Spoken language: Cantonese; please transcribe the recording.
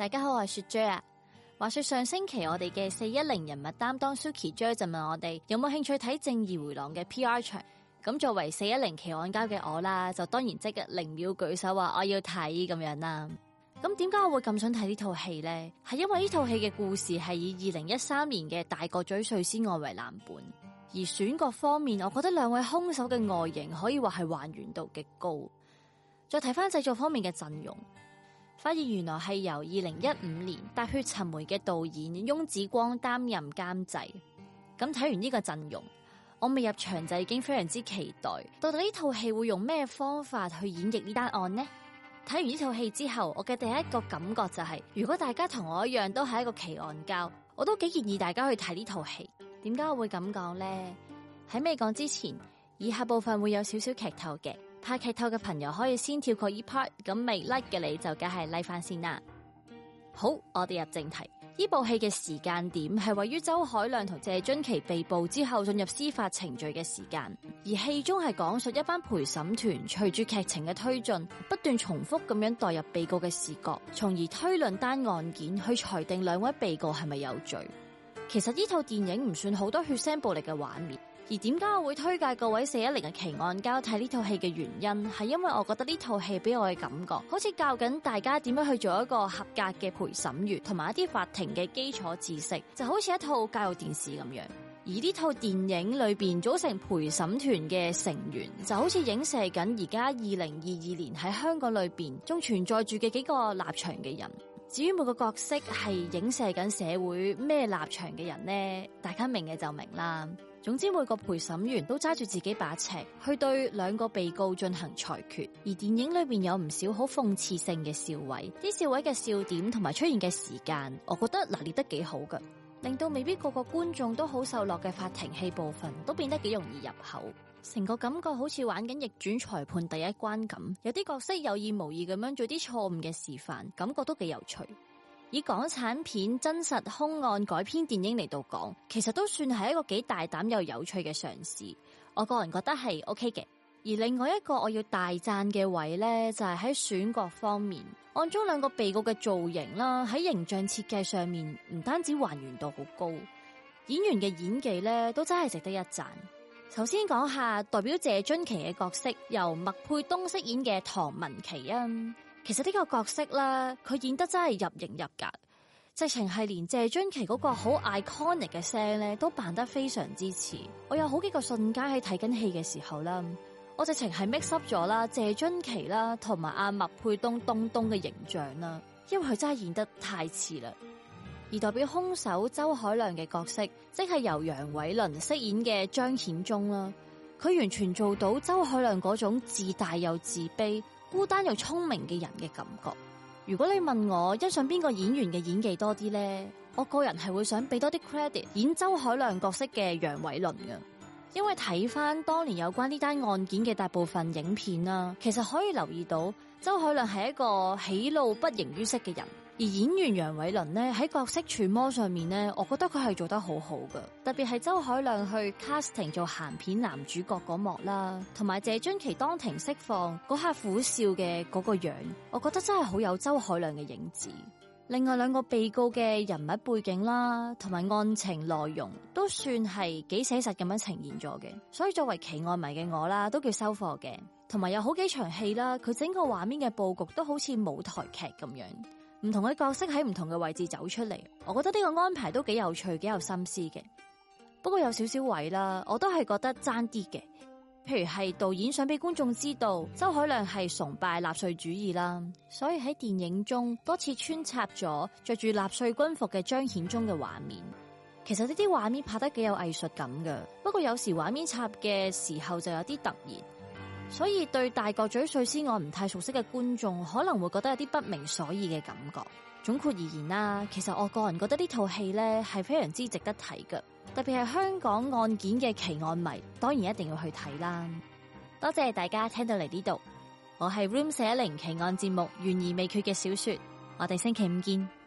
大家好，我係雪 J 啊、er。話說上星期我哋嘅四一零人物擔當 Suki J、er、就問我哋有冇興趣睇正義回廊嘅 PR 場。咁作為四一零奇案膠嘅我啦，就當然即刻零秒舉手話我要睇咁樣啦。咁點解我會咁想睇呢套戲呢？係因為呢套戲嘅故事係以二零一三年嘅大角咀碎屍案為藍本。而選角方面，我覺得兩位凶手嘅外形可以話係還原度極高。再睇翻製作方面嘅陣容。發現原來係由二零一五年《踏血尋梅》嘅導演翁子光擔任監製。咁睇完呢個陣容，我未入場就已經非常之期待。到底呢套戲會用咩方法去演繹呢單案呢？睇完呢套戲之後，我嘅第一個感覺就係、是，如果大家同我一樣都係一個奇案膠，我都幾建議大家去睇呢套戲。點解我會咁講呢？喺未講之前，以下部分會有少少劇透嘅。拍劇透嘅朋友可以先跳過 e part，咁未 like 嘅你就梗係 like 翻先啦。好，我哋入正題。呢部戲嘅時間點係位於周海亮同謝津琪被捕之後進入司法程序嘅時間，而戲中係講述一班陪審團隨住劇情嘅推進，不斷重複咁樣代入被告嘅視角，從而推論單案件去裁定兩位被告係咪有罪。其實呢套電影唔算好多血腥暴力嘅畫面。而點解我會推介各位四一零嘅奇案膠睇呢套戲嘅原因，係因為我覺得呢套戲俾我嘅感覺，好似教緊大家點樣去做一個合格嘅陪審員，同埋一啲法庭嘅基礎知識，就好似一套教育電視咁樣。而呢套電影裏邊組成陪審團嘅成員，就好似影射緊而家二零二二年喺香港裏邊仲存在住嘅幾個立場嘅人。至於每個角色係影射緊社會咩立場嘅人呢？大家明嘅就明啦。總之每個陪審員都揸住自己把尺去對兩個被告進行裁決。而電影裏邊有唔少好諷刺性嘅笑位，啲笑位嘅笑點同埋出現嘅時間，我覺得拿捏得幾好噶，令到未必個個觀眾都好受落嘅法庭戲部分，都變得幾容易入口。成個感覺好似玩緊逆轉裁判第一關咁，有啲角色有意無意咁樣做啲錯誤嘅示範，感覺都幾有趣。以港產片真實兇案改編電影嚟到講，其實都算係一個幾大膽又有趣嘅嘗試。我個人覺得係 OK 嘅。而另外一個我要大讚嘅位呢，就係喺選角方面，案中兩個被告嘅造型啦，喺形象設計上面唔單止還原度好高，演員嘅演技呢都真係值得一讚。首先講下代表謝津琪嘅角色，由麥沛東飾演嘅唐文琪啊，其實呢個角色咧，佢演得真係入型入格，直情係連謝津琪嗰個好 iconic 嘅聲咧，都扮得非常之似。我有好幾個瞬間喺睇緊戲嘅時候啦，我直情係 mix up 咗啦，謝津琪啦，同埋阿麥沛東東東嘅形象啦，因為佢真係演得太似啦。而代表凶手周海亮嘅角色，即係由楊偉倫飾演嘅張顯宗啦。佢完全做到周海亮嗰種自大又自卑、孤單又聰明嘅人嘅感覺。如果你問我欣賞邊個演員嘅演技多啲咧，我個人係會想俾多啲 credit 演周海亮角色嘅楊偉倫嘅。因為睇翻當年有關呢單案件嘅大部分影片啦，其實可以留意到周海亮係一個喜怒不形於色嘅人，而演員楊偉倫呢，喺角色揣摩上面呢，我覺得佢係做得好好噶，特別係周海亮去 casting 做鹹片男主角嗰幕啦，同埋謝津琪當庭釋放嗰下苦笑嘅嗰個樣，我覺得真係好有周海亮嘅影子。另外兩個被告嘅人物背景啦，同埋案情內容都算係幾寫實咁樣呈現咗嘅，所以作為奇案迷嘅我啦，都叫收貨嘅。同埋有好幾場戲啦，佢整個畫面嘅佈局都好似舞台劇咁樣，唔同嘅角色喺唔同嘅位置走出嚟，我覺得呢個安排都幾有趣，幾有心思嘅。不過有少少位啦，我都係覺得爭啲嘅。譬如係導演想俾觀眾知道周海亮係崇拜納粹主義啦，所以喺電影中多次穿插咗着住納粹軍服嘅張顯忠嘅畫面。其實呢啲畫面拍得幾有藝術感噶，不過有時畫面插嘅時候就有啲突然，所以對大角咀碎屍我唔太熟悉嘅觀眾可能會覺得有啲不明所以嘅感覺。總括而言啦，其實我個人覺得呢套戲呢係非常之值得睇嘅。特別係香港案件嘅奇案迷，當然一定要去睇啦！多謝大家聽到嚟呢度，我係 Room 四一零奇案節目懸而未決嘅小說，我哋星期五見。